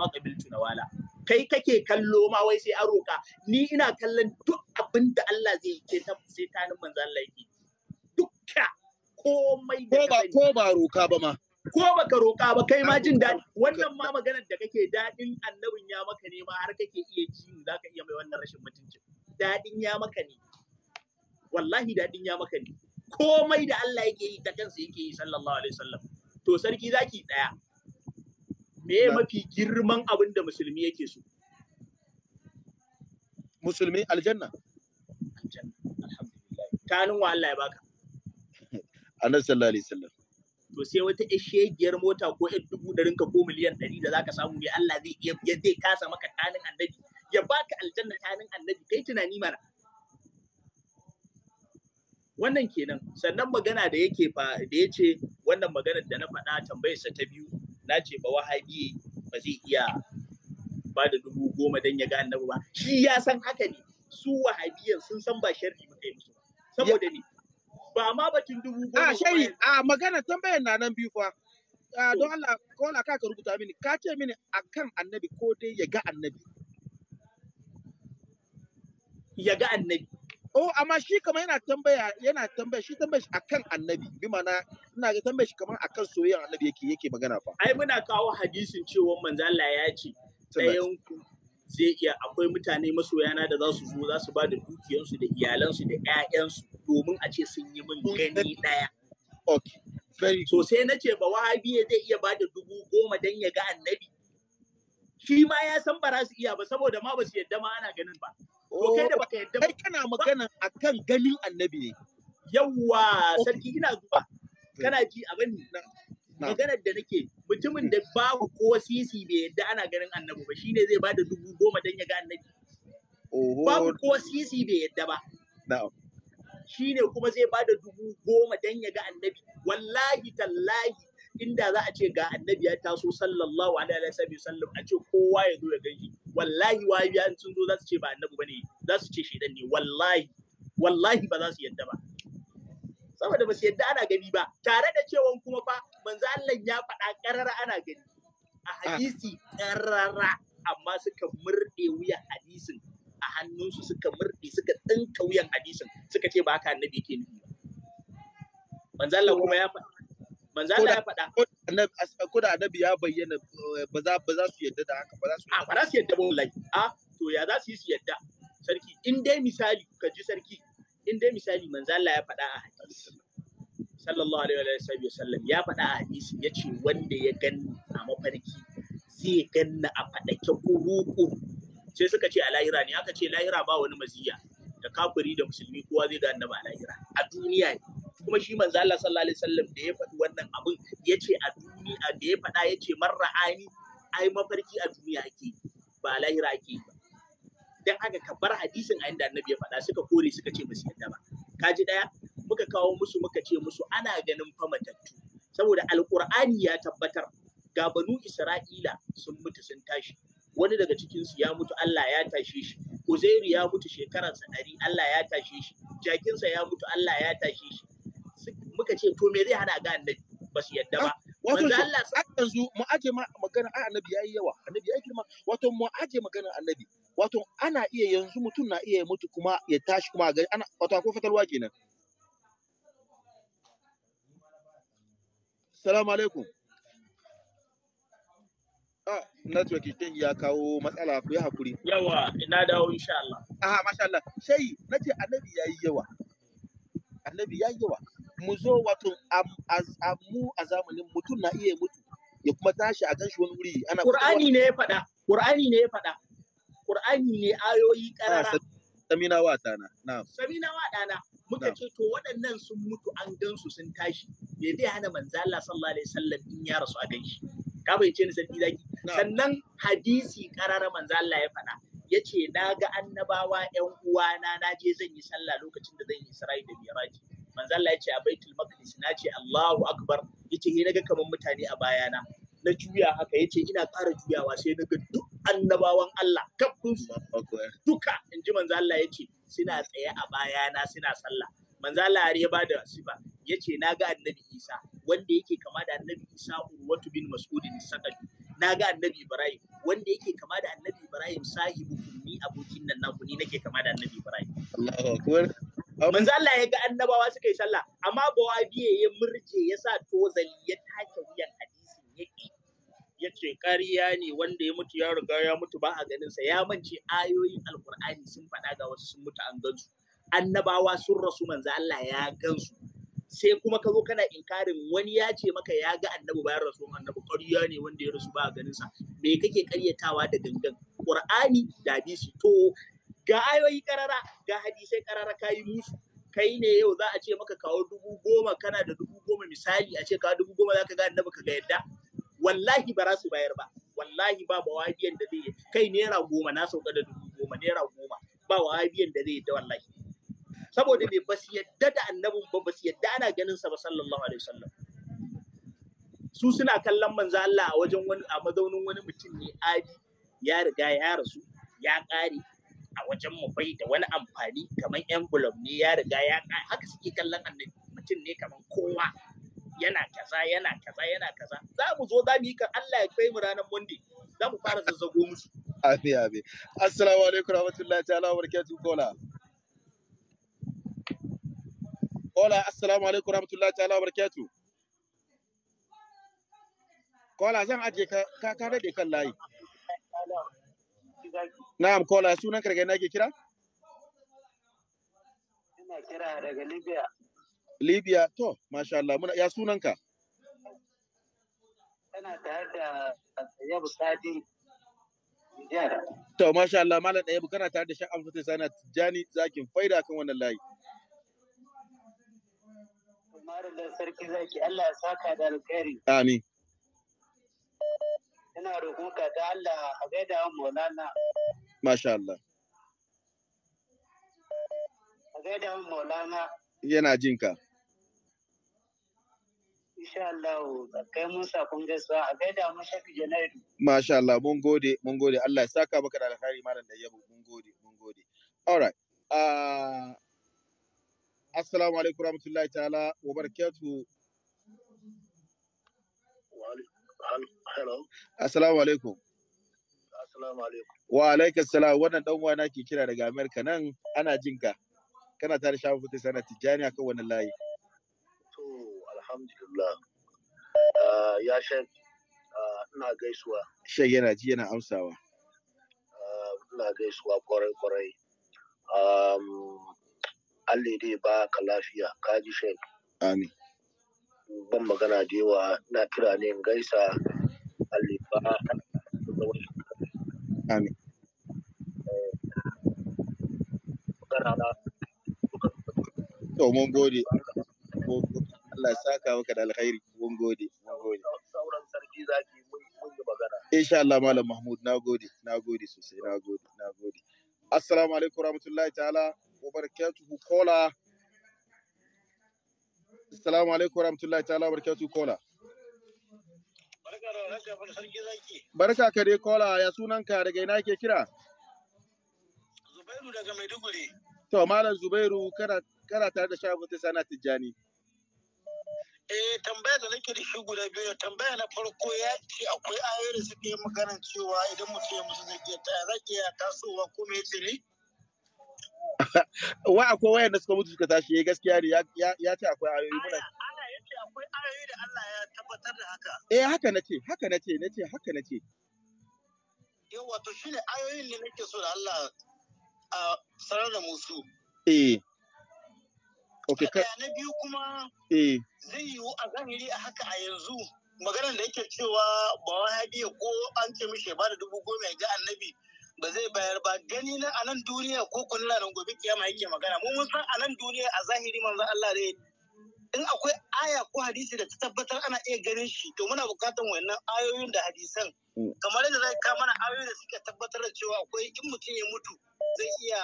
ma qabiltu nawala kai kake kallo ma wai sai aroka roka ni ina kallon duk abin da Allah zai yi ta sai ta nan manzo Allah yake dukka komai ko ba ko ba roka ba ma ko baka roka ba kai ma jin daɗi wannan ma maganar da kake daɗin annabin ya maka ne ma har kake iya ji zaka iya mai wannan rashin mutuncin dadin ya maka ne wallahi daɗin ya maka ne komai da Allah yake yi ta kansa yake yi sallallahu alaihi wasallam to sarki zaki tsaya me mafi girman abin da musulmi yake so musulmi aljanna aljanna alhamdulillah tanin wa Allah ya baka annabi sallallahu alaihi wasallam to sai wata giyar mota ko ɗan dubu ɗarin rinka ko miliyan ɗari da zaka samu ne Allah zai ya zai kasa maka tanin annabi ya baka aljanna tanin annabi kai tunani mana wannan kenan sannan magana da yake fa da yace wannan maganar da na faɗa tambayar sa ta biyu na ce ba wahabi ba zai iya ba da dubu goma don ya ga annabi ba shi ya san haka ne su wahabiyan sun san ba sharri ba kai musu saboda ne ba ma batun dubu goma a shari a magana tambayar na nan biyu fa ah, don Allah ko Allah ka rubuta mini ka ce mini akan annabi ko dai ya ga annabi ya ga annabi Oh, amma shi kamar yana tambaya yana tambaya shi tambaya shi akan annabi bi ma'ana ina ga tambaya shi kamar akan soyayyar annabi yake yake magana fa. Ai muna kawo hadisin cewa manzo Allah ya ce ɗayan ku zai iya akwai mutane masoyana da za su zo za su ba da dukiyansu da iyalansu da ƴaƴansu domin a ce sun yi min gani ɗaya. Okay. Very so sai na ce ba wahabi zai iya ba da dubu goma don ya ga annabi. Shi ma ya san ba za su iya ba saboda ma ba su yadda ma ana ganin ba. To kai da oh, baka yadda kai kana magana akan ganin annabi ne. Yawwa sarki ina zuwa. Kana ji abin nan. Maganar da nake mutumin mm. da babu ko sisi bai yadda ana ganin annabi ba shine zai bada dubu goma don ya ga annabi. Babu ko sisi bai yadda ba. Shine kuma zai bada dubu goma don ya ga annabi. Wallahi tallahi inda za a ce ga annabi ya taso sallallahu alaihi wa sallam a ce kowa ya zo ya gani wallahi wahabiya in sun zo za su ce ba annabi bane za su ce shedan ne wallahi wallahi ba za su yadda ba saboda ba su yadda ana gani ba tare da cewa kuma fa manzo Allah ya faɗa karara ana gani a hadisi karara amma suka murɗe wuyan hadisin a hannunsu suka murɗe suka tsinka wuyan hadisin suka ce ba haka annabi ke nufi ba manzo Allah kuma ya faɗa manzo Allah ya faɗa ko da annabi ya bayyana eh, ba za ba za su yadda da haka ba za su a ba za su yadda ba wallahi a to ya za su yi su yadda sarki in dai misali ka ji sarki in dai misali manzo Allah ya faɗa a hadisi sallallahu alaihi wa sallam ya faɗa a hadisi yace wanda ya ganni a mafarki zai ganna a faɗake kuruku sai suka ce a lahira ne aka ce lahira ba wani maziya da kafiri da musulmi kowa zai ga annaba a lahira a duniya ne kuma shi manzo Allah sallallahu alaihi wasallam da ya faɗi wannan abin yace a duniya da ya faɗa yace marra'ani ai mafarki a duniya ake ba lahira ake ba dan haka ka bar hadisin a inda annabi ya faɗa suka kore suka ce musu yadda ba kaji daya muka kawo musu muka ce musu ana ganin fa matattu saboda alqur'ani ya tabbatar ga banu isra'ila sun mutu sun tashi wani daga cikinsu ya mutu Allah ya tashe shi Uzairu ya mutu shekaransa ɗari Allah ya tashe shi jakinsa ya mutu Allah ya tashe shi muka ce to me zai hada ga annabi ba su yadda ba ah, manzo Allah sai yanzu mu aje magana a annabi yayi yawa annabi yayi girma wato mu aje magana annabi wato ana iya yanzu mutum na iya mutu kuma ya tashi kuma ga ana wato akwai fatalwa kenan Assalamu alaikum Ah, network din ya kawo matsala ku yi hakuri. Yawa, ina dawo insha Allah. Ah, masha Allah. Sai nace annabi yayi yawa. Annabi yayi yawa. mu zo wato mu a zamanin mutum na iya mutu ya kuma tashi a ganshi wani wuri ana Qur'ani ne ya faɗa Qur'ani ne ya faɗa Qur'ani ne ayoyi karara ah, Samina wa dana na'am Samina wa dana muka ce to waɗannan sun mutu an gan su sun tashi me zai hana manzo Allah sallallahu alaihi wasallam in ya rasu a ganshi ka ce ni sarki zaki sannan hadisi karara manzo Allah ya faɗa ya ce na ga annabawa 'yan uwana na je zan yi sallah lokacin da zan yi Isra'i da Miraji manzo Allah ya ce a baitul maqdis na ce Allahu akbar yace ni naga kaman mutane a bayana na juya haka yace ina ƙara juyawa sai naga duk annabawan Allah kafin su duka inji manzo Allah yace suna tsaye a bayana suna sallah manzo Allah ya ba da sifa yace naga annabi Isa wanda yake kama da annabi Isa Urwatu bin Mas'udin Sakadi naga annabi Ibrahim wanda yake kama da annabi Ibrahim sahibu ni abokin nan naku ni nake kama da annabi Ibrahim Allahu akbar manzo Allah ya ga annabawa suka yi sallah amma bawa biye ya murje ya sa tozali ya take wuyan hadisi. ya ki ya ce ƙarya ne wanda ya mutu ya riga ya mutu ba a ganin sa ya mance ayoyin Alƙur'ani sun faɗa ga wasu sun mutu an gansu annabawa sun rasu manzo Allah ya gansu sai kuma ka zo kana inkarin wani ya ce maka ya ga annabi bayan rasu, annabi ƙarya ne wanda ya rasu ba a ganinsa me kake ƙaryatawa da gangan ƙur'ani da hadisi to ga ayoyi karara ga hadisai karara yi musu kai ne yau za a ce maka kawo dubu goma kana da dubu goma misali a ce kawo dubu goma za ka ga annabi ka ga yadda wallahi ba za su bayar ba wallahi ba ba wahabiyan da zai kai naira goma na sauka da dubu goma naira goma ba wahabiyan da zai yadda wallahi saboda me ba su yadda da annabin ba ba su yadda ana ganin sa ba sallallahu alaihi wasallam su suna kallon manzo Allah a wajen wani a mazaunin wani mutum ne adi ya riga ya rasu ya ƙare a wajen mu bai da wani amfani kamar envelope ne ya riga ya haka suke kallon annabi mutum ne kamar kowa yana kaza yana kaza yana kaza za mu zo za mu yi kan Allah ya kai mu ranar Monde, za mu fara zazzago musu amin abi assalamu alaikum rahmatullahi ta'ala wa barakatuh kola kola assalamu alaikum rahmatullahi ta'ala wa barakatuh kola zan aje ka ka dade kan layi Na'am kola sunan karga na ke kira? Ina kira daga Libya. Libya to masha Allah muna ya sunanka? Tana tare da Yabu Sadi Nijar. To masha Allah malam da Yabu kana tare da Sha'an Fatai Sana Tijjani zakin faida kan wannan layi. Kumarin da sarki zaki Allah ya saka da alkhairi. Amin. ina roƙonka da Allah a gaida wa Maulana Masha Allah. Yana jin ka. Allah, kai a shafi Janairu. Masha Allah, mun gode, mun gode. Allah ya saka maka da alkhairi malam da yabo, mun gode, mun gode. All right. Uh, assalamu alaikum rahmatullahi ta'ala wa barakatuhu. Hello. Assalamu alaikum. assalamu alaikum wa alaikum salam wannan dan uwa ke kira daga Amerika nan ana jin ka kana tare shafin fitis sana tijani akan wannan layi to alhamdulillah ah, ya shek ah, ina gaisuwa shek yana ji yana amsawa ah, ina gaisuwa kwarai kwarai Allah dai ba ka lafiya ka ji shek amin ban magana da yawa na kira ne gaisa Allah ba Amin. To mun gode. Allah ya saka maka da alkhairi. Mun gode. Mun gode. Sauran sarki zaki mun yi magana. Insha Allah Malam Mahmud na gode. Na gode sosai. Na gode. Na gode. Assalamu alaikum warahmatullahi ta'ala kola. Assalamu alaikum warahmatullahi ta'ala kola. Barka ka dai kola ya sunan ka daga ina ke kira? Zubairu daga Maiduguri. To Malam Zubairu kana kana tare da shagon ta sana Tijjani. Eh tambaya da nake da shi guda biyu tambaya na farko ya ce akwai ayoyi da suke magana cewa idan mutum ya musu zai ta zaki ya tasowa ko me yake ne? Wa akwai wayanda da suka mutu suka tashi eh, gaskiya ne ya ce akwai ayoyi muna ce akwai ayoyi da Allah ya tabbatar da haka. Eh haka nace, haka nace, nace haka nace. Eh wato shine ayoyin ne nake so da Allah a sanar da musu. Eh. Okay, ka... na biyu kuma eh. zai yiwu a zahiri a haka a yanzu maganar da yake cewa ba wahabi ko an ce mishi ba da dubu goma ga annabi ba zai bayar ba gani na a nan duniya ko kun ranar gobe kiyama yake magana mu mun san a nan duniya a zahiri manzo Allah ne in akwai aya ko hadisi da ta tabbatar ana iya ganin shi to muna bukatar wannan ayoyin da hadisan mm. kamar yadda zai kama mana ayoyin da suka tabbatar da cewa akwai in mutum ya mutu zai iya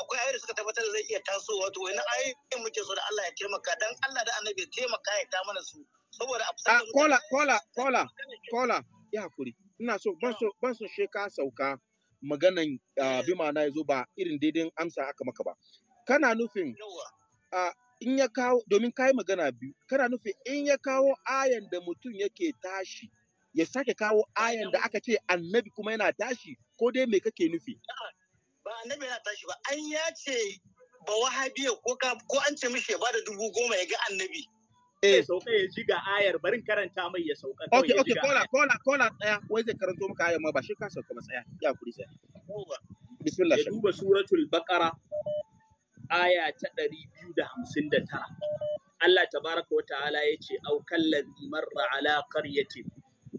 akwai ayoyin da suka tabbatar da zai iya tasowa to wannan ayoyin muke so da Allah ya taimaka dan Allah da Annabi ya taimaka ya ta mana su saboda a ah, kola kola kola kola ya hakuri ina so ban so ban so sheka sauka maganan ah, bi ma'ana yazo ba irin daidai amsa aka maka ba kana nufin in ya kawo domin kai magana biyu kana nufi in ya kawo ayan da mutum yake tashi ya sake kawo ayan da aka ce annabi kuma yana tashi ko dai me kake nufi ba annabi yana tashi ba an ya ce ba wahabiya ko ko an ce mishi ya bada dubu goma ya ga annabi eh sauka ya ji ga ayar barin karanta mai ya sauka okay okay kola kola kola tsaya wai zai karanto maka ayar ma ba shi ka sauka ba tsaya ya kuri tsaya bismillah ya duba suratul baqara aya ta ɗari biyu da da hamsin tara. Allah Ta tabaraka wata'ala yace aw kallazi marra ala qaryatin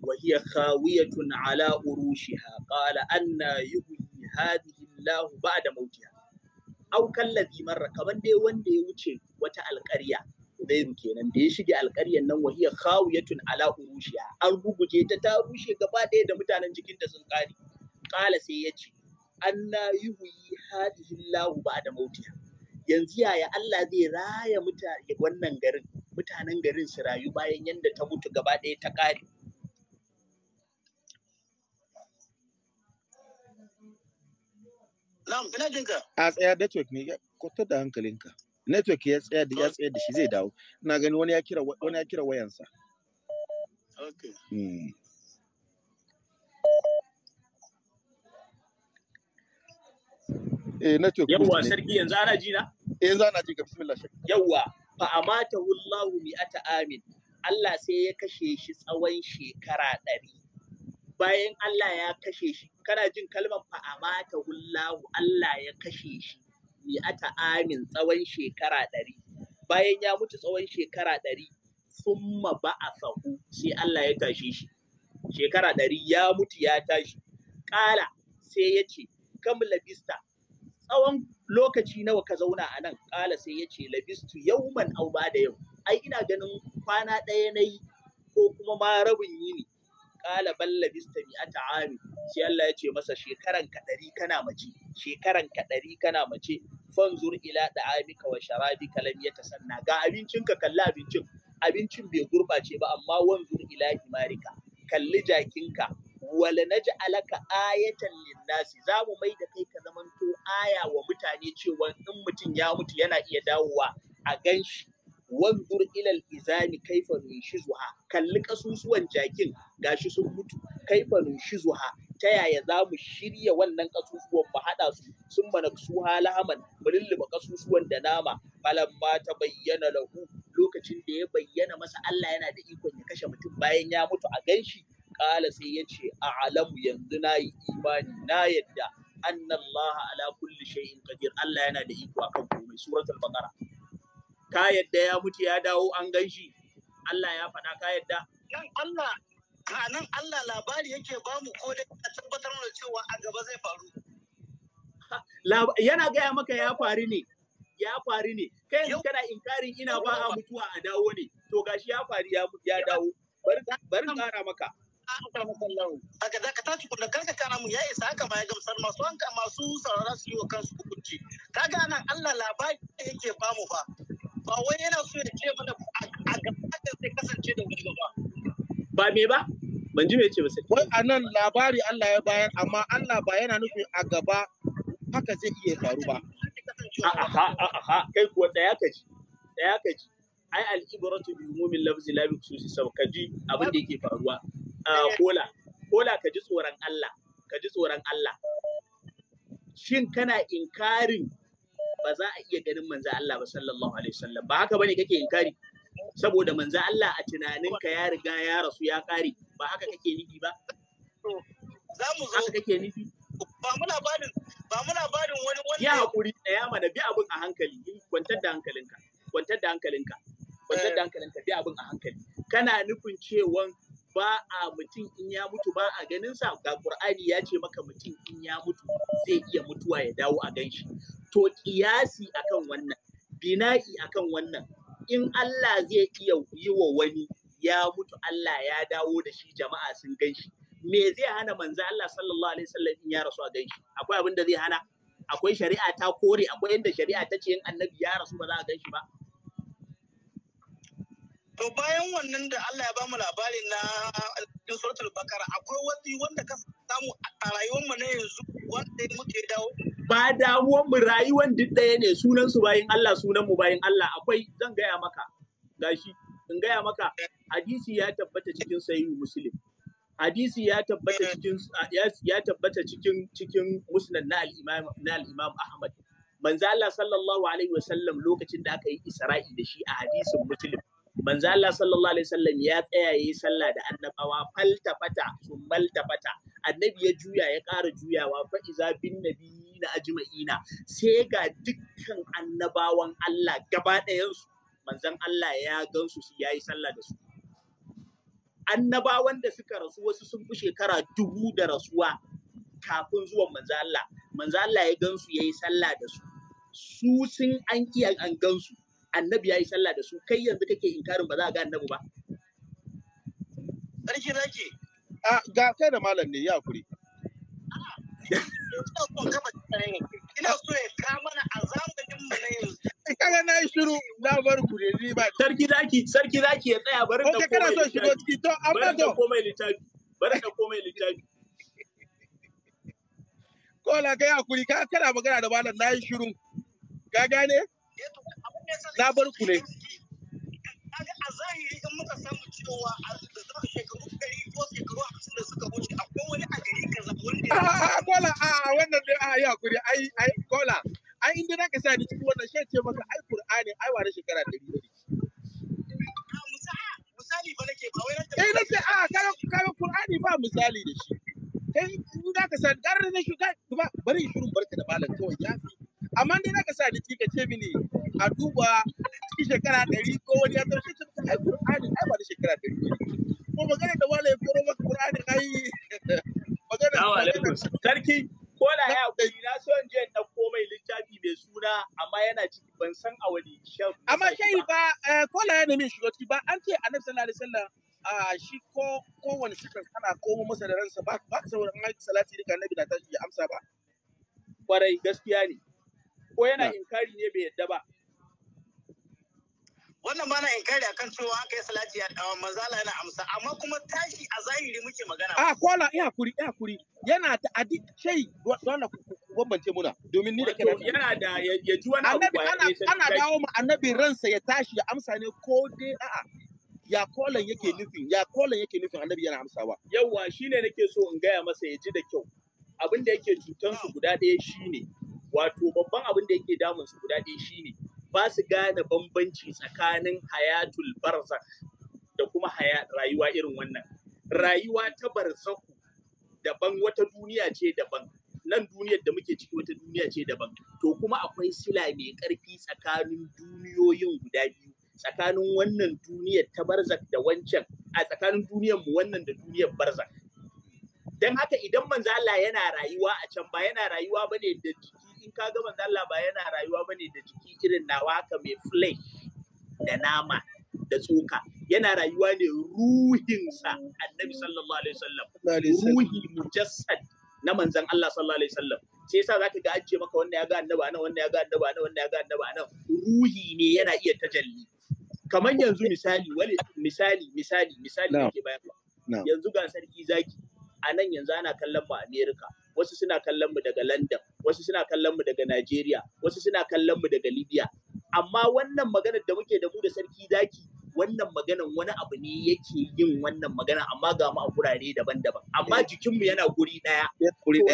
wa hiya khawiyatun ala urushiha qala anna yuhyi hadhihi Allah ba'da mautiha aw kallazi marra kaman dai wanda ya wuce wata alƙarya Zairu kenan da ya shige alƙaryan nan wahiya khawiyatun ala urushiha an guguje ta ta rushe gaba ɗaya da mutanen ta sun kare Ƙala sai yace anna yuhyi hadhihi Allah ba'da mautiha yanzu yaya Allah zai raya mutane wannan garin mutanen garin su rayu bayan yadda ta mutu gaba ɗaya ta ƙare A tsaya network ne, kwatar da hankalinka. network ya tsaya da ya tsaya da shi zai dawo na gani wani ya kira wani ya kira wayansa okay mm. eh na ce yawa sarki yanzu ana ji na eh, yanzu ana ji ka bismillah shek yawa fa amata wallahu amin Allah sai ya kashe shi tsawon shekara ɗari bayan Allah ya kashe shi kana jin kalmar fa amata wallahu Allah ya kashe shi ata amin tsawon shekara ɗari bayan ya mutu tsawon shekara ɗari summa ba'athahu sai Allah ya tashe shi shekara ɗari ya mutu ya tashi ƙala sai ya ce kam labista tsawon lokaci nawa ka zauna a nan ƙala sai ya ce labistu yauman au ba da yau ai ina ganin kwana ɗaya na yi ko kuma ma rabin yi ne. ƙala ban labista mi ata ami sai Allah ya ce masa shekaran ka ɗari kana mace shekaran ka ɗari kana mace fanzur ila da amika wa sharabi kalam ya tasanna ga abincin ka kalli abincin abincin bai gurɓace ba amma wanzur ila himarika kalli jakinka wala alaka ayatan linnasi za mu mai da kai ka zamanto aya wa mutane cewa in mutum ya mutu yana iya dawowa a ganshi wanzur ilal izami kaifa shizuha, kalli kasusuwan jakin gashi sun mutu kaifa shizuha, ta yaya za mu shirya wannan kasusuwan mu haɗa su sun mana suha lahaman mu lulluba kasusuwan da nama ba ta bayyana lahu lokacin da ya bayyana masa Allah yana da ikon ya kashe mutum bayan ya mutu a ganshi kala sai yace a'lamu yanzu na yi imani na yadda anna ala kulli shay'in qadir Allah yana da iko akan komai al baqara ka yadda ya mutu ya dawo an ganshi Allah ya faɗa ka yadda nan Allah nan Allah labari yake ba mu ko dai a tabbatar da cewa a gaba zai faru yana gaya maka ya faru ne ya faru ne kai yanzu kana inkarin ina ba a mutuwa a dawo ne to gashi ya faru ya dawo bari bari kara maka aka masallahu haka za ka tashi kullum karka kana mu ya isa haka ma ya gamsar masu hanka masu saurara su yi wa kansu hukunci kaga nan Allah labari yake bamu fa ba wai yana so ya ce mana a gaba sai kasance da wani ba ba me ba ban ji me ce ba sai wai anan labari Allah ya bayar amma Allah ba yana nufin a gaba haka zai iya faru ba a'a a'a kai kuwa tsaya ka ji tsaya ka ji ai al'ibratu bi umumin lafzi la bi khususi sabab ka ji abin da yake faruwa Ah, kola kola ka ji tsoron Allah ka ji tsoron Allah shin kana inkarin ba za a iya ganin manzo Allah ba sallallahu alaihi wasallam ba haka bane kake inkari saboda manzo Allah a tunanin ka ya riga ya rasu ya kare ba haka kake nufi ba za mu zo haka kake nufi ba muna barin ba muna barin wani wani ya hakuri daya mana bi abin a hankali kwantar da hankalinka kwantar da hankalinka kwantar da eh. hankalinka bi abin a hankali kana nufin cewa ba a mutum in ya mutu ba a ganin sa ga Qur'ani ya ce maka mutum in ya mutu zai iya mutuwa ya dawo a ganshi to kiyasi akan wannan bina'i akan wannan in Allah zai iya yi wa wani ya mutu Allah ya dawo da shi jama'a sun ganshi me zai hana manzo Allah sallallahu alaihi wasallam in ya rasu a ganshi akwai abin da zai hana akwai shari'a ta kore akwai yadda shari'a ta ce in annabi ya rasu ba za a ganshi ba To bayan wannan da Allah ya ba mu labari na cikin suratul bakara akwai wasu wanda ka samu a rayuwarmu na yanzu wanda muke dawo. Ba damuwar mu rayuwar duk ɗaya ne sunan su bayan Allah sunan mu bayan Allah akwai zan gaya maka gashi in gaya maka hadisi ya tabbata cikin sahihu muslim hadisi ya tabbata cikin ah, ya tabbata cikin cikin musnad na al-imam na al-imam Ahmad manzo Allah sallallahu alaihi wasallam lokacin da aka yi Isra'i da shi a hadisin muslim manzo Allah sallallahu alaihi wasallam ya tsaya yayi sallah da annabawa faltafata tafata. annabi ya juya ya ƙara juyawa fa iza bin nabiyina ajma'ina sai ga dukkan annabawan Allah gaba ɗayansu manzon Allah ya gansu su yayi sallah da su annabawan da suka rasu wasu sun fi shekara dubu da rasuwa kafin zuwan manzo Allah manzo Allah ya gansu yayi sallah da su su sun an iya an gansu annabi ya yi sallah da su kai yanzu kake inkarin ba za a ga annabi ba sarki zaki a ga kai da malam ne ya kuri ina so ya ka mana a zamanin mu na yanzu kaga na yi shiru na bar ku ne ni ba sarki zaki sarki zaki ya tsaya barin da komai littafi. kana so shigo ciki to amma to komai littafi barin da komai littafi ko la kai hakuri ka kana magana da malam na yi shiru ka gane na bar ku ne a zahiri in muka samu cewa a zama shekaru ɗari ko wani a gari a ah, ah, ah, wannan dai a yi hakuri ai inda na ka sa ni cikin wannan shan ce maka ai ai wani shekara ɗari misali ba eh na ce a ba misali da shi ka sa garin na shi ba bari shirin barka da malam kawai ya amma ni ka sa jiki ka ce mini a duba cikin shekara ɗari ko wani ya taushe ce maka ai Qur'ani ai ba da shekara ɗari ne ko magana da wala ya koro maka Qur'ani ai magana sarki ko da ya kuri na so in je in ɗauko mai littafi mai suna amma yana ciki ban san a wani shan amma shayi ba eh, ko da ya nemi shigo ciki ba an ce annabi sallallahu alaihi wasallam a shi ko kowane sifar kana komo masa da ransa ba ba sauran salati da annabi na tashi ya amsa ba kwarai gaskiya ne ko yana inkari ne bai yadda ba wannan bana inkari akan cewa aka yi salati ya dawa mazala yana amsa amma kuma tashi a zahiri muke magana a ah, kola ina kuri ina kuri yana ta adi shai wannan bambance muna domin ni da kai yana da ya ji wani abu ana dawo ma annabi ransa ya tashi ya amsa ne ko dai a'a ya kolan yake nufin ya kolan yake nufin annabi yana amsawa yawa shine nake so in gaya masa ya ji da kyau abin da yake cutansu guda ɗaya shine wato babban abin da yake damun su guda ɗaya shine ba su gane bambanci tsakanin hayatul barza da kuma rayuwa irin wannan rayuwa ta barzaku daban wata duniya ce daban nan duniyar da muke ciki wata duniya ce daban to kuma akwai sila mai ƙarfi tsakanin duniyoyin guda biyu tsakanin wannan duniyar ta barzak da wancan a tsakanin duniyar mu wannan da duniyar barzak dan haka idan manzo Allah yana rayuwa a can ba yana rayuwa bane da in ka ga manzo Allah ba yana rayuwa bane da jiki irin nawa ka mai flesh da nama da tsoka yana rayuwa ne ruhinsa annabi sallallahu alaihi wasallam ruhi mujassad na manzon Allah sallallahu alaihi wasallam sai yasa zaka ga ajiye maka wannan ya ga annabi nan, wannan ya ga annabi nan, wannan ya ga annabi nan. ruhi ne yana iya tajalli kamar yanzu misali wale misali misali misali yake bayarwa yanzu ga sarki zaki anan yanzu ana kallon ba America wasu suna kallon mu daga London, wasu suna kallon mu daga Nigeria. wasu suna kallon mu daga Libya. Amma wannan maganar da muke da mu da sarki zaki wannan maganan wani abu ne yake yin wannan magana amma ga mu a gurare daban-daban amma eh. jikinmu yana guri ɗaya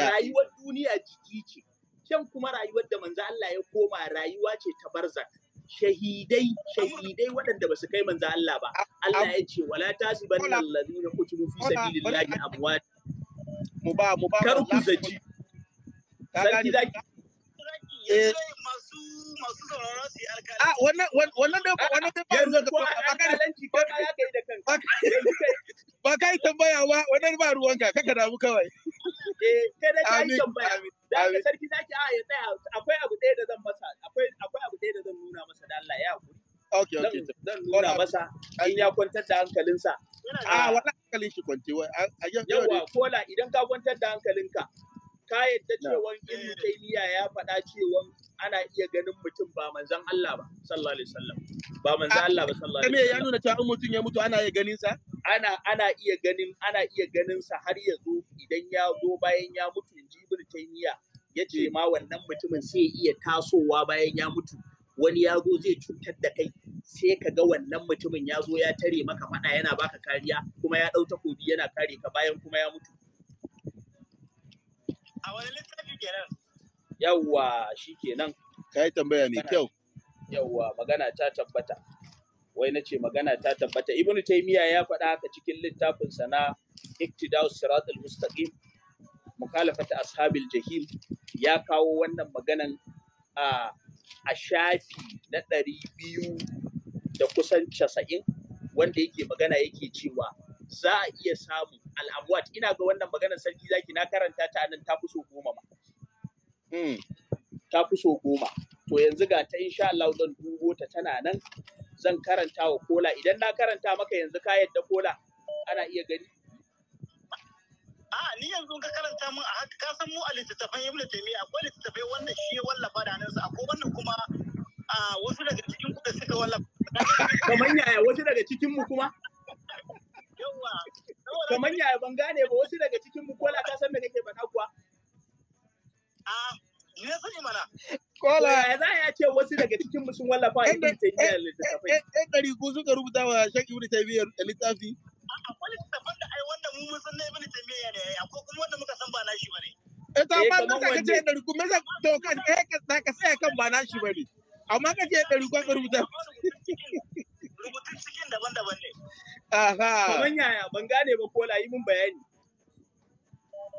rayuwar duniya jiki ce can kuma rayuwar da manzo Allah ya koma rayuwa ce ta barzak shahidai shahidai waɗanda ba su kai manzo Allah ba ah, Allah ah. ya ce wala tasibanna allazina qutilu fi sabilillahi amwat mu ba mu ba kar ku zaci sarki zaki a ah, wannan da ba ka tambaya ba ba ruwanka kaka damu kawai kada ka yi tambaya da sarki zaki a ya tsaya akwai abu ɗaya da zan masa akwai abu ɗaya da zan nuna masa da Allah ya hakuri Okay, okay. Zan nuna masa in ya kwantar da hankalinsa. Ah, A wannan hankalin shi wai. Ah, ah, Yawa kola idan ka kwantar da hankalinka ka yadda cewa ibnu taymiya ya faɗa cewa ana iya ganin mutum ba Allah ba sallallahu alaihi wasallam ba Allah ba sallallahu alaihi wasallam ya nuna cewa mutum ya mutu ana iya ganin sa ana ana iya ganin ana iya ganin sa har ya zo idan ya zo bayan ya mutu inji ibnu taymiya yace eh. ma wannan mutumin sai iya tasowa bayan ya mutu wani ya zo zai cutar da kai sai ka ga wannan mutumin ya zo ya tare maka faɗa yana baka kariya kuma ya ɗau takobi yana kare ka bayan kuma ya mutu. A wani littafi kenan? Yawwa shi kenan. Ka yi tambaya mai kyau. Yawwa magana ta tabbata. Wai na ce magana ta tabbata. Ibn Taymiyyah ya faɗa haka cikin littafinsa na Iktidau Siratul Mustaqim mukhalafata ashabil Jahim ya kawo wannan maganan a ah, a shafi na ɗari biyu da kusan casa'in wanda yake magana yake cewa za a iya samun al'abuwat ina ga wannan maganar sarki zaki na karanta ta nan ta goma ma. Hmm, ta goma. To yanzu ga ta insha Allah zan dubo ta tana nan zan karanta wa kola idan na karanta maka yanzu ka yadda kola ana iya gani. yanzu ka karanta mun a haka ka san mu a littattafan ibnu taymiya akwai littattafai wanda shi ya wallafa da hannunsa akwai wannan kuma a wasu daga cikin ku da suka wallafa kamar yaya wasu daga cikin mu kuma yawa kamar yaya ban gane ba wasu daga cikin mu kola ka san me nake faɗa kuwa a ni sani mana kola ya za ya ce wasu daga cikin mu sun wallafa ibnu taymiya littattafai eh ɗari ku suka rubuta wa shek taymiya littafi akwai littattafan da mu mun san na ne ko kuma wanda muka san ba na shi bane eh to eh, amma mun ka ce da ruku mun to ka eh ka ka sai kan ba na shi bane amma ka ce da ruku ka rubuta rubutun cikin daban-daban ne aha kaman yaya ban gane ba ko yi mun bayani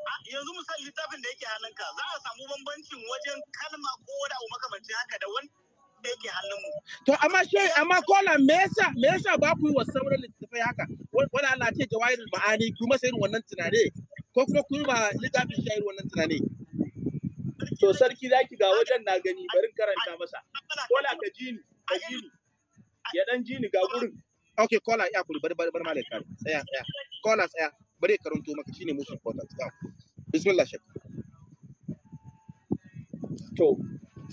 ah, yanzu misali littafin da yake hannunka za a samu bambancin wajen kalma ko wani abu makamancin haka da wanda yake hannunmu to amma shi amma kola me yasa me yasa ba ku yi wa sauran littafin fa haka wani Allah ce jawahirul ma'ani ku masa irin wannan tunane ko kuma ku ba littafin irin wannan tunane to sarki zaki ga wajen na gani bari karanta masa kola ka ji ni ka ji ni ya dan ji ni ga gurin okay kola ya kuri bari bari malai kare tsaya tsaya kola tsaya bari karanto maka shine musu tsaya bismillah shek to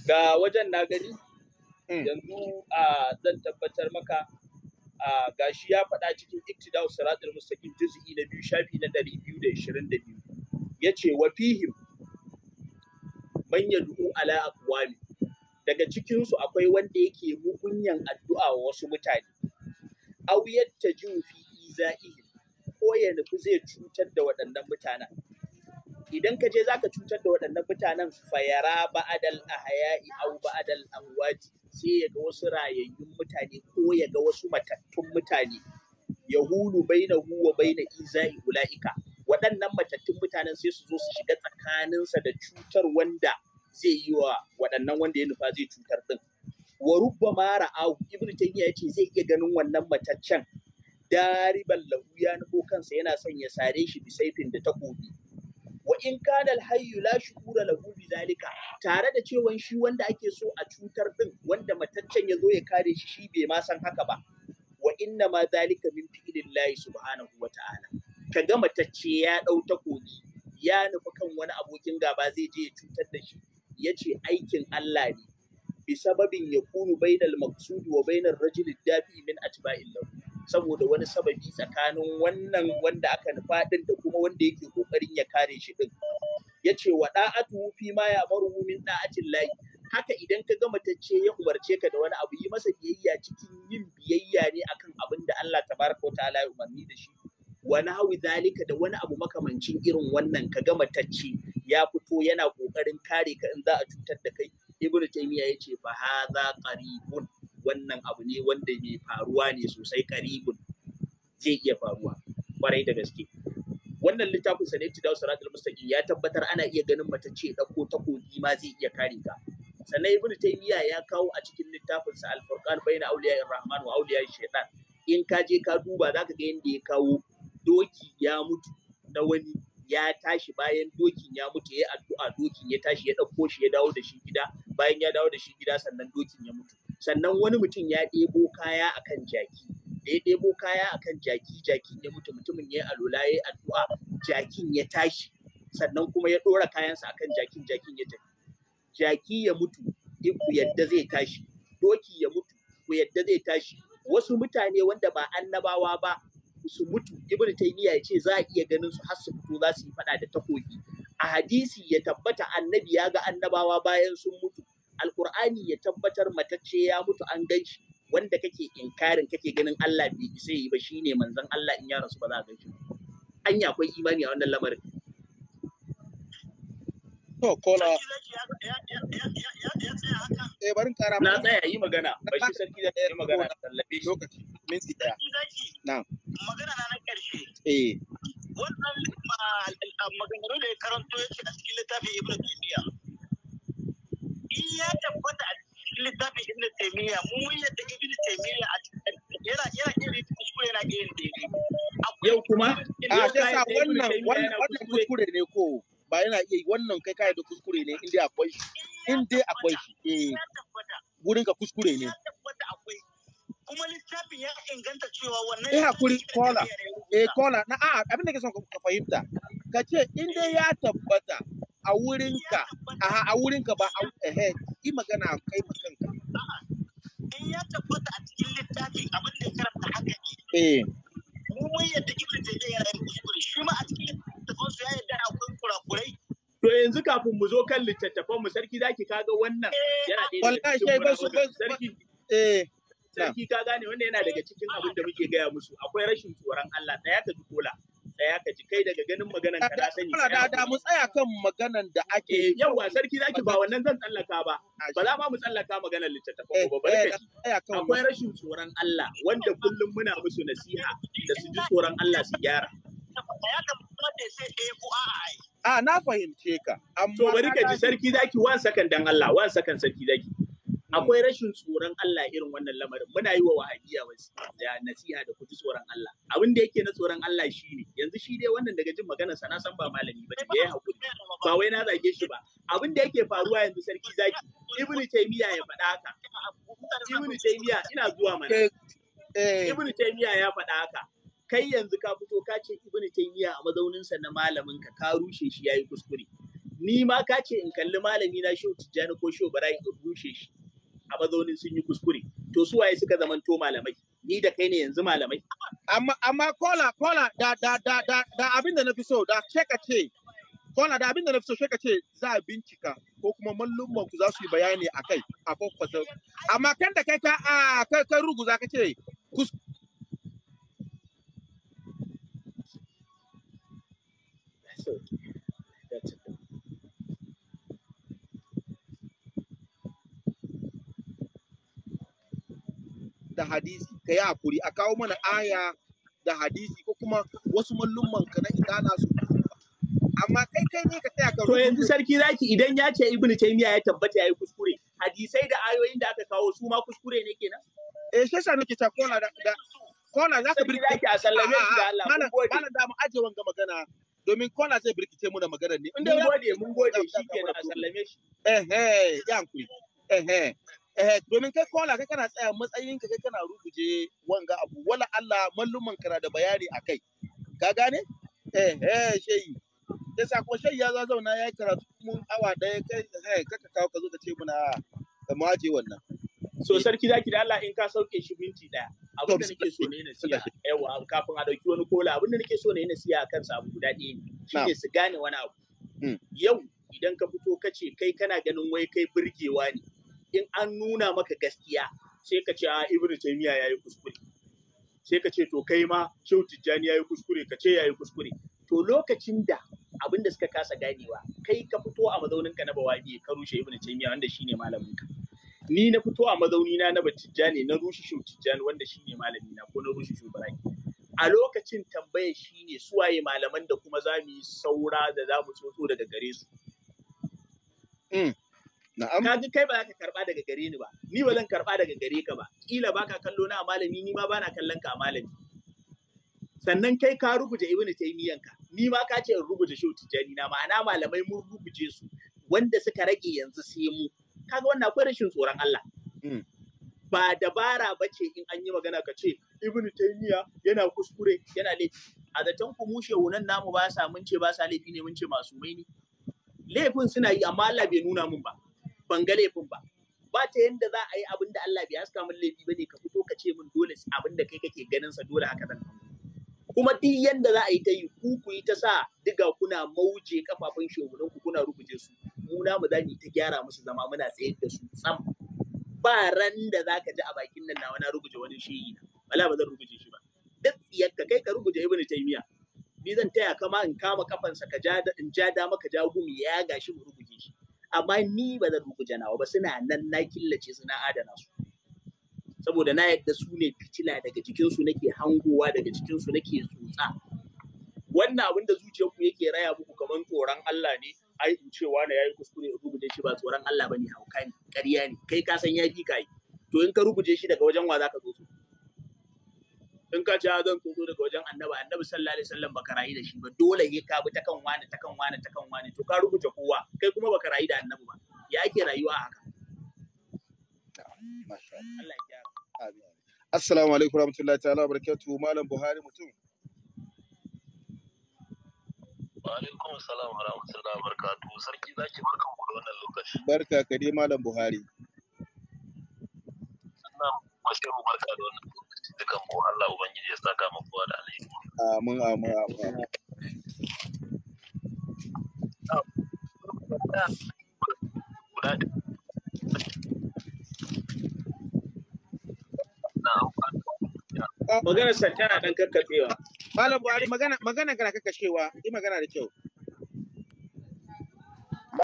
ga wajen na gani hmm. yanzu a ah, zan tabbatar maka gashi ya faɗa cikin iktida siratul mustaqim juz'i na biyu shafi na 222 yace wa fihim man yad'u ala aqwami daga cikin su akwai wanda yake mugunyan addu'a wa wasu mutane aw yattaju fi izaihim ko ya nufi zai cutar da waɗannan mutanen idan ka je zaka cutar da waɗannan mutanen fayara ba'adal ahya'i aw ba'adal amwati sai ya ga wasu rayayyun mutane ko ya ga wasu matattun mutane ya bai na huwa bai na iza'i ulaika waɗannan matattun mutanen sai su zo su shiga tsakaninsa da cutar wanda zai yi wa waɗannan wanda ya nufa zai cutar ɗin wa rubbama ra'ahu ibnu tayyiya ce zai iya ganin wannan mataccen dariban lahu ya nufo kansa yana son ya sare shi bisaifin da takobi wa in kana alhayyu la shuhura lahu bi zalika tare da cewa shi wanda ake so a cutar din wanda mataccen ya zo ya kare shi shi bai ma san haka ba wa inna ma zalika min fi'lillahi subhanahu wa ta'ala kaga matacce ya dau kogi. ya nufi kan wani abokin gaba zai je ya cutar da shi Ya ce, aikin Allah ne bi sababin kunu bainal maqsud wa bainar rajulid dafi min atba'in lahu saboda wani sababi tsakanin wannan wanda aka nufa din da kuma wanda yake kokarin ya kare shi din ce wa da'atu fi ma ya maruhu min da'atin lahi haka idan ka gama ta ce ya umarce ka da wani abu yi masa biyayya cikin yin biyayya ne akan abin da Allah tabaraka wa ta'ala ya umarni da shi wani hawi zalika da wani abu makamancin irin wannan ka gama ta ce ya fito yana ƙoƙarin kare ka in za a cutar da kai ibnu taymiya yace fa hadha qaribun wannan abu ne wanda mai faruwa ne sosai karibun zai iya faruwa kwarai da gaske wannan littafin sa ne da siratul mustaqim ya tabbatar ana iya ganin mata ce dauko kogi ma zai iya kare ka sannan ibnu taymiya ya kawo a cikin littafin sa al furqan baina awliya rahman wa awliya shaytan in ka je ka duba zaka ga yanda ya kawo doki ya mutu na wani ya tashi bayan dokin ya mutu ya addu'a dokin ya tashi ya ɗauko shi ya dawo da shi gida bayan ya dawo da shi gida sannan dokin ya mutu sannan wani mutum ya ɗebo kaya a kan jaki da ya ɗebo kaya a kan jaki jakin ya mutu mutumin ya alula ya addu'a jakin ya tashi sannan kuma ya ɗora kayansa a kan jakin jakin ya tafi jaki ya mutu ku yadda zai tashi doki ya mutu ku yadda zai tashi wasu mutane wanda ba annabawa ba su mutu ibnu taymiya ya ce za a iya ganin su har su fito za su yi faɗa da takobi a hadisi ya tabbata annabi ya ga annabawa bayan sun mutu alkur'ani ya tabbatar matacce ya mutu an gan shi wanda kake inkarin kake ganin Allah bai isa yi ba shine manzon Allah in ya rasu ba za a gan shi anya akwai imani a wannan lamarin to kola eh barin kara na tsaya yi magana shi sarki da yi magana tallafe shi lokaci minti daya na'am magana na karshe eh wannan ah, maganganu da ya karanto yake a cikin littafin ibnu Ibrahim in ya tabbata a littafin ibn taymiya mun yadda ibn taymiya a yana yana irin kuskure yana irin daidai yau kuma a ta sa wannan wannan kuskure ne ko ba yana iya wannan kai kai da kuskure ne inda akwai shi in dai akwai shi eh gurin ka kuskure ne kuma littafin ya inganta cewa wannan eh hakuri kola eh kola na a abin da ke son ka fahimta ka ce in dai ya tabbata a wurinka a wurinka ba a ehe yi magana kai ma kanka in ya tabbata a cikin littafin abin da ya karanta haka ne eh. mu mun yadda ibnu taymiya ya yi kuskure shi ma a cikin littafin su ya yadda akwai kurakurai to yanzu kafin mu zo kan littattafan mu sarki zaki kaga wannan eh, yana da wallahi sai ba su ba sarki eh sarki ka gane wannan yana daga cikin abin da muke gaya musu akwai rashin tsoron Allah tsaya ka ji kola tsaya ka ji kai daga ganin maganan ka na sani da da mu tsaya kan maganan da ake eh, yawa sarki zaki ba wannan zan tsallaka ba ba za ma mu tsallaka maganar littattafan ba eh, bare eh, akwai rashin tsoron Allah wanda kullum muna musu nasiha da su ji tsoron Allah su gyara a na fahimce ka amma to bari ka ji sarki zaki wan sakan dan Allah wan sakan sarki zaki akwai rashin tsoron Allah irin wannan lamarin muna yi wa wahabiya da nasiha da kuji tsoron Allah abin da yake na tsoron Allah shi ne. yanzu shi dai wannan daga jin magana sana san ba malami ba ya hakuri ba wai na zage shi ba abin da yake faruwa yanzu sarki zaki ibnu taymiya ya faɗa haka ibnu taymiya ina zuwa mana eh, eh. ibnu taymiya ya faɗa haka kai yanzu ka fito ka ce ibnu taymiya a mazauninsa na malamin ka ka rushe shi yayi kuskure ni ma ka ce in kalli malami na shehu tijjani ko shehu bara in rushe shi a mazaunin sun yi kuskure to su waye suka zamanto malamai ni da kai ne yanzu malamai amma amma kola kola da da da da, da abin da nafi so da sheka ce kola da abin da nafi so sheka ce za a bincika ko kuma mallumman ku za su yi bayani akai a kwakwasa amma kan da kai ka a kai kan ruguza ka ce da hadisi ka yi hakuri a kawo mana aya da hadisi ko kuma wasu mallumman ka na idana su amma kai kai ne ka tsaya ka to yanzu sarki zaki idan ya ce ibnu taymiya ya tabbata yayi kuskure hadisai da ayoyin da aka kawo su ma kuskure ne kenan eh sai yasa nake ta kona da kona za ka birki ki a sallame shi da Allah mana mana da mu aje wanga magana domin kona zai birkice mu da magana ne mun gode mun gode shikenan a sallame shi eh eh ya hankuri eh eh eh domin kai kola kai kana tsaya matsayin ka kai kana rubuje wanga abu wala Allah malluman kana da bayani akai ka gane eh eh shehi yasa ko shehi ya zo zauna ya karatu mun awa daya kai eh kaka kawo ka zo ka ce muna ka maje wannan so sarki zaki da Allah in ka sauke shi minti daya abin da nake so ne na siya yawa kafin a dauki wani kola abin da nake so ne na siya kan sa abu guda ɗaya ne shine su gane wani abu hmm. yau idan ka fito ka ce kai kana ganin wai kai burgewa ne in an nuna maka gaskiya sai ka ce a ibnu taymiya yayi kuskure sai ka ce to kai ma shehu tijjani yayi kuskure ka ce yayi kuskure to lokacin da abin da suka kasa ganewa kai ka fito a mazaunin ka na bawabi ka rushe ibnu taymiya wanda shine malamin ka ni na fito a mazauni na na tijjani na rushe shehu tijjani wanda shine malami na ko na rushe shehu baraki a lokacin tambayar shine suwaye malaman da kuma za mu yi saura da za mu tsotso daga gare su hmm. Ka ga kai ba ka karba daga gare ni ba, ni ba zan karba daga gare ka ba. Kila baka kallo na a malami, ni ma bana kallon ka a malami. Sannan kai ka rubuta Ibn Taymiyyah ka, ni ma ka ce in rubuta Shehu Tijjani na ma'ana malamai mun rubuce su wanda suka rage yanzu sai mu. Kaga wannan akwai rashin tsoron Allah. Hmm. Ba dabara ba ce in an yi magana ka ce Ibn Taymiyyah yana kuskure yana laifi. A zaton ku mushe wunan namu ba sa mun ce ba sa laifi ne mun ce masu mai ne. Laifin suna yi amma Allah bai nuna mun ba. ban ga laifin ba ba ta yanda za a yi abin da Allah bai haska min laifi bane ka fito ka ce min dole abin da kai kake ganin sa dole haka zan kuma duk yanda za a yi ta yi ku ku yi ta sa diga kuna mauje kafafun shugaban ku kuna rubuje su mu na mu zamu ta gyara musu zama muna tsayar da su tsam ba ran da zaka ji a bakin nan nawa na rubuje wani shehi na wala ba zan rubuje shi ba duk yadda kai ka rubuje ibnu taymiya ni zan taya kama in kama kafansa ka ja in ja dama ka ja gumi ya gashi mu amma ni ba zan muku janawa ba suna nan na killace suna adana su saboda na yadda su ne fitila daga cikinsu nake hangowa daga cikinsu nake tsotsa wannan abin da zuciyarku yake raya muku kamar tsoron Allah ne ai in cewa na yayi kuskure in rubuje shi ba tsoron Allah bane hauka ne ƙarya ne kai ka san ya kai to in ka rubuje shi daga wajen wa zaka zo in ka ce ah, zan tsoro daga wajen annaba, annabi sallallahu alaihi wasallam baka rayu da shi ba dole ne ka bi ta kan wani ta kan wani ta kan wani to ka rubuta kowa kai kuma baka rayu da annabi ba ya ake rayuwa a haka assalamu alaikum warahmatullahi ta'ala barakatuhu malam buhari mutum wa alaikum assalam wa rahmatullahi wa barakatuhu sarki zaki barkan ku da wannan lokaci barka ka dai malam buhari sannan barka da wannan dukan ku Allah ubangiji ya saka mu kowa da alheri amin amin amin sa tana dan Malam Buhari magana magana kana yi magana da kyau.